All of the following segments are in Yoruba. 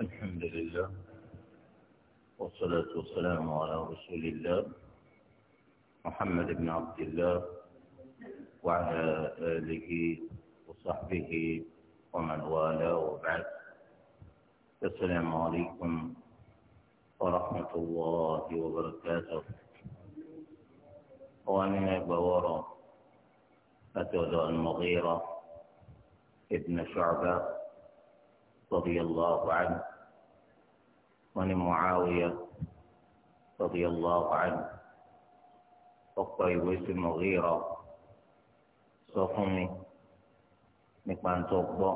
الحمد لله والصلاة والسلام على رسول الله محمد بن عبد الله وعلى آله وصحبه ومن والاه وبعد السلام عليكم ورحمة الله وبركاته ومن البوارة أتولى المغيرة ابن شعبة رضي الله عنه wọn ni Muawiya radiyallahu anhu ọ̀pọ̀ ìwé sí Mughira sọ fún mi nípa ń tó gbọ́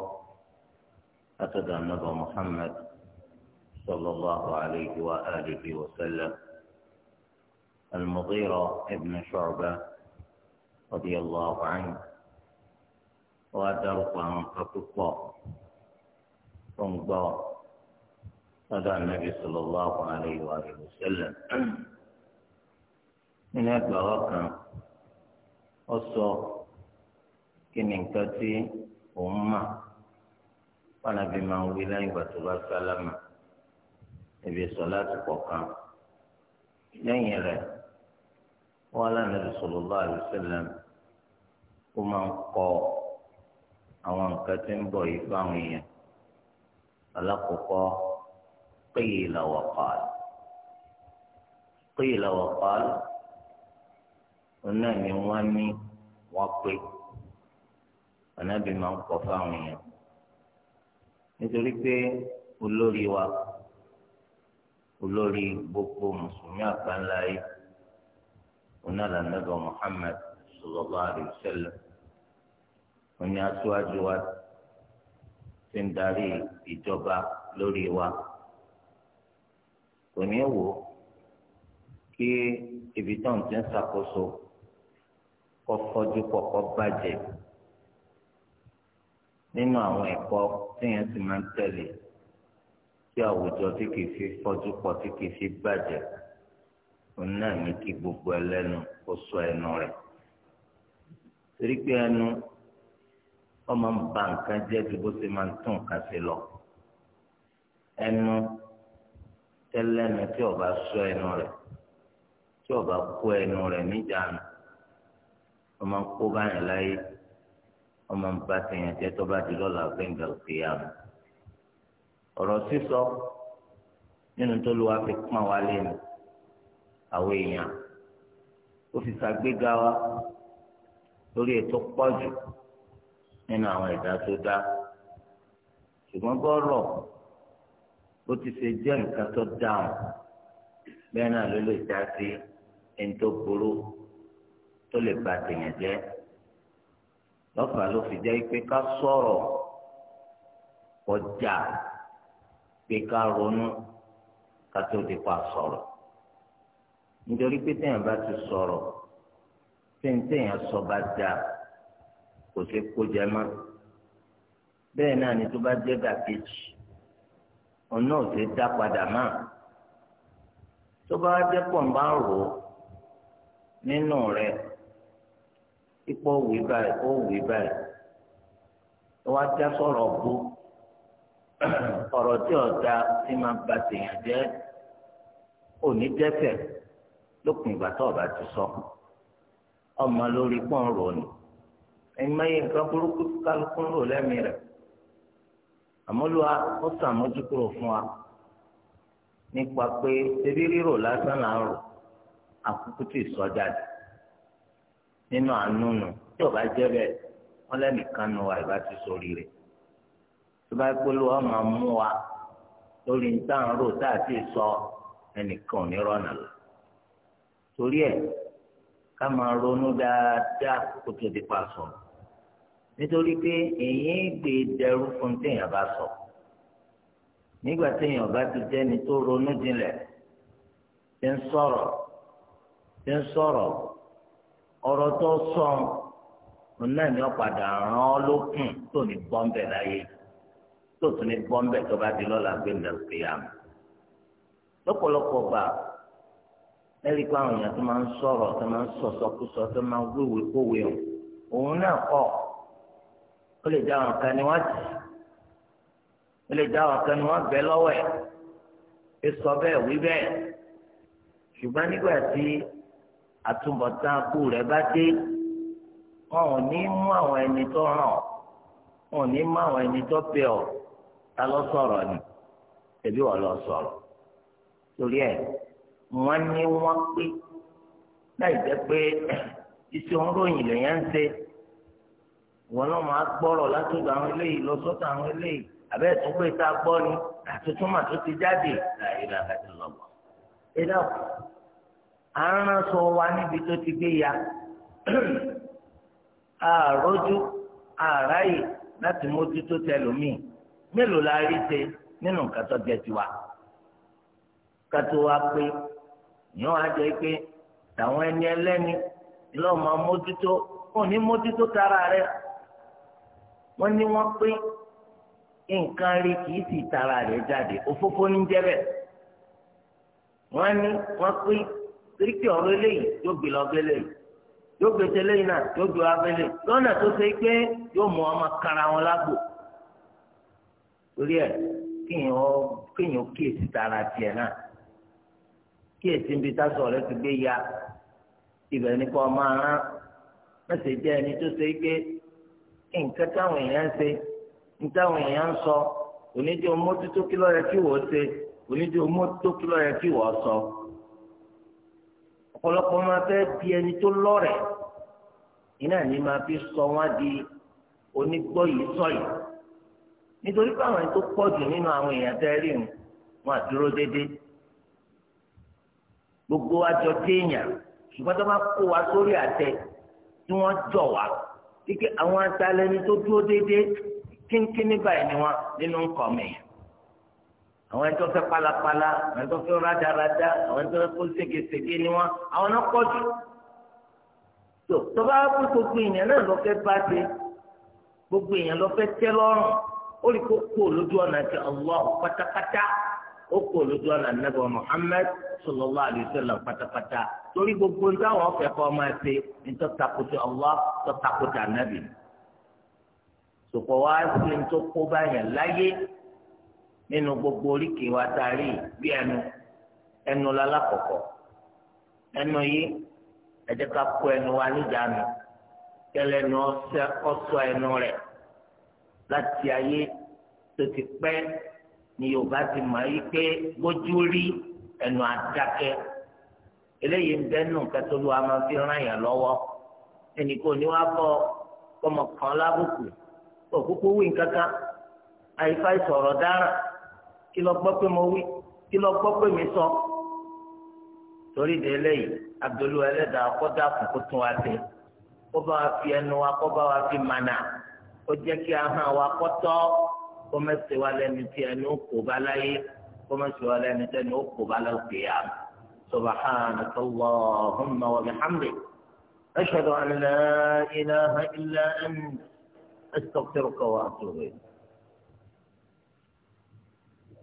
látọ̀dọ̀ anábà Muhammad sallallahu alayhi wa alihi wa sallam al-Mughira ibn Shu'ba radiyallahu anhu wọ́n á dárúkọ àwọn kan púpọ̀ tó ń gbọ́. هذا النبي صلى الله عليه وآله وسلم من هذا الرقم أصو كنين كتي أمة وأنا بما ولاي وتبا سلامة ebe sọláàtì kọ̀ọ̀kan lẹ́yìn rẹ̀ wọ́n alánàbì sallallahu alaihi wasallam ó máa ń kọ àwọn nǹkan tí قيل وقال قيل وقال ونامي وامي وقي ونبي من قفاوي nítorí pé olórí wa olórí gbogbo mùsùlùmí àgbáńlá yìí onáàlà nàbà Muhammad sallallahu alaihi wasallam oní aṣáájú wa ti ń darí ìjọba lórí wa kò ní wò ó kí ibi tó ń ti ń ṣàkóso kọ́ fọ́jú pọ̀ kọ́ bàjẹ́ nínú àwọn ẹ̀kọ́ téèyàn sì máa ń tẹ̀lé tí àwùjọ tí kìí fi fọ́jú pọ̀ tí kìí fi bàjẹ́ òun náà ní kí gbogbo ẹlẹ́nu kó sọ ẹnu rẹ̀ torí pé ẹnu ọmọ ń ba nǹkan jẹ́ ju bó ṣe máa ń tún nǹkan ṣe lọ ẹnu tẹ́lẹ̀nu tí ọba sọ ẹnu rẹ̀ tí ọba kó ẹnu rẹ̀ níjànú ọmọ ń kó báyìí láyé ọmọ bá tẹ̀yàn jẹ́ tó di lọ́la gbẹ̀ngà òkè àmọ́ ọ̀rọ̀ sísọ nínú tó lu wa fi pọ́n wa lẹ́nu àwọn èèyàn ó fi ṣàgbéga wa lórí ètò pọ̀jù nínú àwọn ẹ̀dá tó dá ṣùgbọ́n bọ́ọ̀rọ̀ bó ti ṣe jẹ́ nǹkan tó dáhùn bẹ́ẹ̀ náà ló lè dá sí ẹni tó burú tó lè ba tèèyàn jẹ́ lọ́fà ló fi jẹ́ pé ká sọ̀rọ̀ kọjá pé ká ronú ká tó di pa sọ̀rọ̀ nítorí pé téèyàn bá ti sọ̀rọ̀ téèyàn sọ bá dáa kò sí kó jẹ mọ́ bẹ́ẹ̀ náà ni tó bá jẹ́ dàkejì òun náà ṣe dá padà mọ́ tó bá jẹ́ pọ̀ ń bá rò ó nínú rẹ ipò òwì báyìí ó wì báyìí ó wá já sọ̀rọ̀ bú ọ̀rọ̀ tí ọ̀dà ti máa ba tèèyàn jẹ́ òní dẹ́ṣẹ̀ lópin ìgbà tó ọba ti sọ ọmọ lórí pọ́n rò ní ẹ̀yin máa yẹ nǹkan burúkú kálukú rò lẹ́mìí rẹ̀. àmúlùwà ó sàmójúkúrò fún wa nípa pé ebi rírò lásán là ń rò àkókò tí ìsọjà dì nínú àánú nù tí ò bá jẹ́ bẹ́ẹ̀ wọ́n lẹ́nìkan nu wa ìbá ti sórí rẹ̀ tó bá pé lọ́wọ́ mú wa lórí rò tá a ti sọ ẹnìkan ò ní torí ká máa ronú dáadáa kó tó di pa sọ̀rọ̀. nítorí pé èyí gbé dẹrú fún téèyàn bá sọ nígbà téèyàn bá ti jẹ́ni tó ronú jinlẹ̀ ti ń sọ̀rọ̀ ti ń sọ̀rọ̀ ọ̀rọ̀ tó sọ ọ náà ni ó padà ràn ọ́ lókun tó ní bọ́ńbẹ̀ láyé tó tún ní bọ́ńbẹ̀ tó bá di lọ́la gbé nàìjíríà lọ́pọ̀lọpọ̀ gbà lẹ́rìí pé àwọn èèyàn tó máa ń sọ̀rọ̀ tó máa ń sọ̀sọ́kúsọ tó máa ń wéwèé kówèé òun náà kọ́ ọ̀ ó lè já àwọn kan ni wọ́n jì ó lè já àwọn kan ni wọ́n bẹ lọ́wọ́ ẹ̀ ẹ sọ bẹ́ẹ̀ wí bẹ́ẹ̀ ṣùgbọ́n nígbà tí àtúbọ̀tán kú rẹ̀ bá dé wọn ò ní mú àwọn ẹni tó hàn wọn ò ní mú àwọn ẹni tó bẹ ọ ta ló sọ̀rọ̀ ni ẹbí wọn lọ sọ̀rọ̀ torí ẹ̀ wọ́n ní wọ́n pé láì jẹ́ pé iṣẹ́ òun lèyàn ń ṣe. wọn náà máa gbọ́rọ̀ látọ̀dọ̀ àwọn eléyìí lọ sọ́tọ̀ àwọn eléyìí àbẹ́ ìtúgbò ìta gbọ́ ni àtúntún mà tó ti jáde láìra àti lọ́gbọ̀n. ẹ dákun sọ wa níbi tó ti gbé ya àròjú àráyè láti mójútó tẹlómìn mélòó la rí ṣe nínú jẹ tiwa wa pé á pé tàwọn ẹni máa tara wọ́n ní wọ́n pé nǹkan rí kì í sì tara rẹ̀ jáde òfófó ní jẹ́bẹ̀ wọ́n ní wọ́n pé torí pé ọ̀rọ̀ eléyìí yóò gbé lọ gbélé yìí yóò gbé tẹ́lẹ̀ náà yóò gbé wá gbélé lọ́nà tó ṣe pé yóò mú ọmọ kara wọn lágbo torí ẹ̀ kéèyàn kéèyàn kíyèsí tara tiẹ̀ náà kíyèsí níbi tásọ̀ rẹ ti gbé ya ibẹ̀ ni kò máa rán mẹ́sẹ̀ ẹni tó ṣe pé nǹkan táwọn èèyàn ń ṣe nǹkan táwọn èèyàn ń sọ onídìí omótótó kí ló yẹ kí wọ́n ṣe onídìí omótótó kí ló yẹ kí wọ́n sọ. ọ̀pọ̀lọpọ̀ máa fẹ́ bí ẹni tó lọ́rẹ̀ iná ní máa fi sọ wọ́n di onígbọ́ yìí sọ yìí nítorí pé àwọn tó pọ̀ jù nínú àwọn èèyàn tẹ́ rí wọn àdúró déédéé gbogbo àjọ téèyàn ṣùgbọ́n tó bá kó wa sórí àtẹ tí wọ́n jọ wá ike àwọn atalẹni tó dúró déédéé kínkínní báyìí ni wọn nínú nǹkan mi àwọn ẹni tó fẹ́ palapala àwọn ẹni tó fẹ́ rádaràda àwọn ẹni fẹ́ ségesège ni wọn àwọn náà pọ̀ jù tó tọba kó gbogbo èèyàn náà lọ fẹ́ bá ṣe gbogbo èèyàn lọ fẹ́ tẹ́ lọ́rùn ó rí kó kó lójú ọ̀nà ti Allah pátápátá ó kó lójú ọ̀nà nẹ́bọ̀ Muhammad sallallahu alaihi wasallam pátápátá torí gbogbo ń táwọn ọ̀fẹ́ máa ṣe ní tọ́takùtì Allah tọ́takùtì ànábì. sòpọ̀ wá sí ní tó kó báyẹn láyé nínú gbogbo oríkèé wa taari bí ẹnu ẹnu lálákọ̀ọ́kọ́ ẹnu yìí ẹ jẹ́ ká kó ẹnu wa níjànú kẹlẹ́ ẹnu ọ̀sọ́ ẹnu rẹ̀ láti ayé tó ti pẹ́ ni yorùbá ti mọ̀ yí pé gbójú rí ẹnu àdákẹ́ eléyìí ń bẹ́nu kẹtọ́lù wa máa fi ràn yàn lọ́wọ́ ẹnì kò ní wá bọ́ ọmọ kan lábùkù òkúkú wí kankan àyíká ìsọ̀rọ̀ dára kí lọ gbọ́ pé mo wí kí lọ gbọ́ pé mi sọ torí de eléyìí abdulu ẹlẹ́dàá kọ́dà kù kó tún wa dé kó bá wa fi ẹnu wa kó bá wa fi mànà kó jẹ́ kí ahọ́n wa kọ́tọ́. ṣe wa lẹ́ni tí ẹni ó kó bá láyé kọ́mẹ́sì wa lẹ́ni tí ẹni ó kó bá láyé kìyàm سبحانك اللهم وبحمدك أشهد أن لا إله إلا أنت أستغفرك وأتوب إليك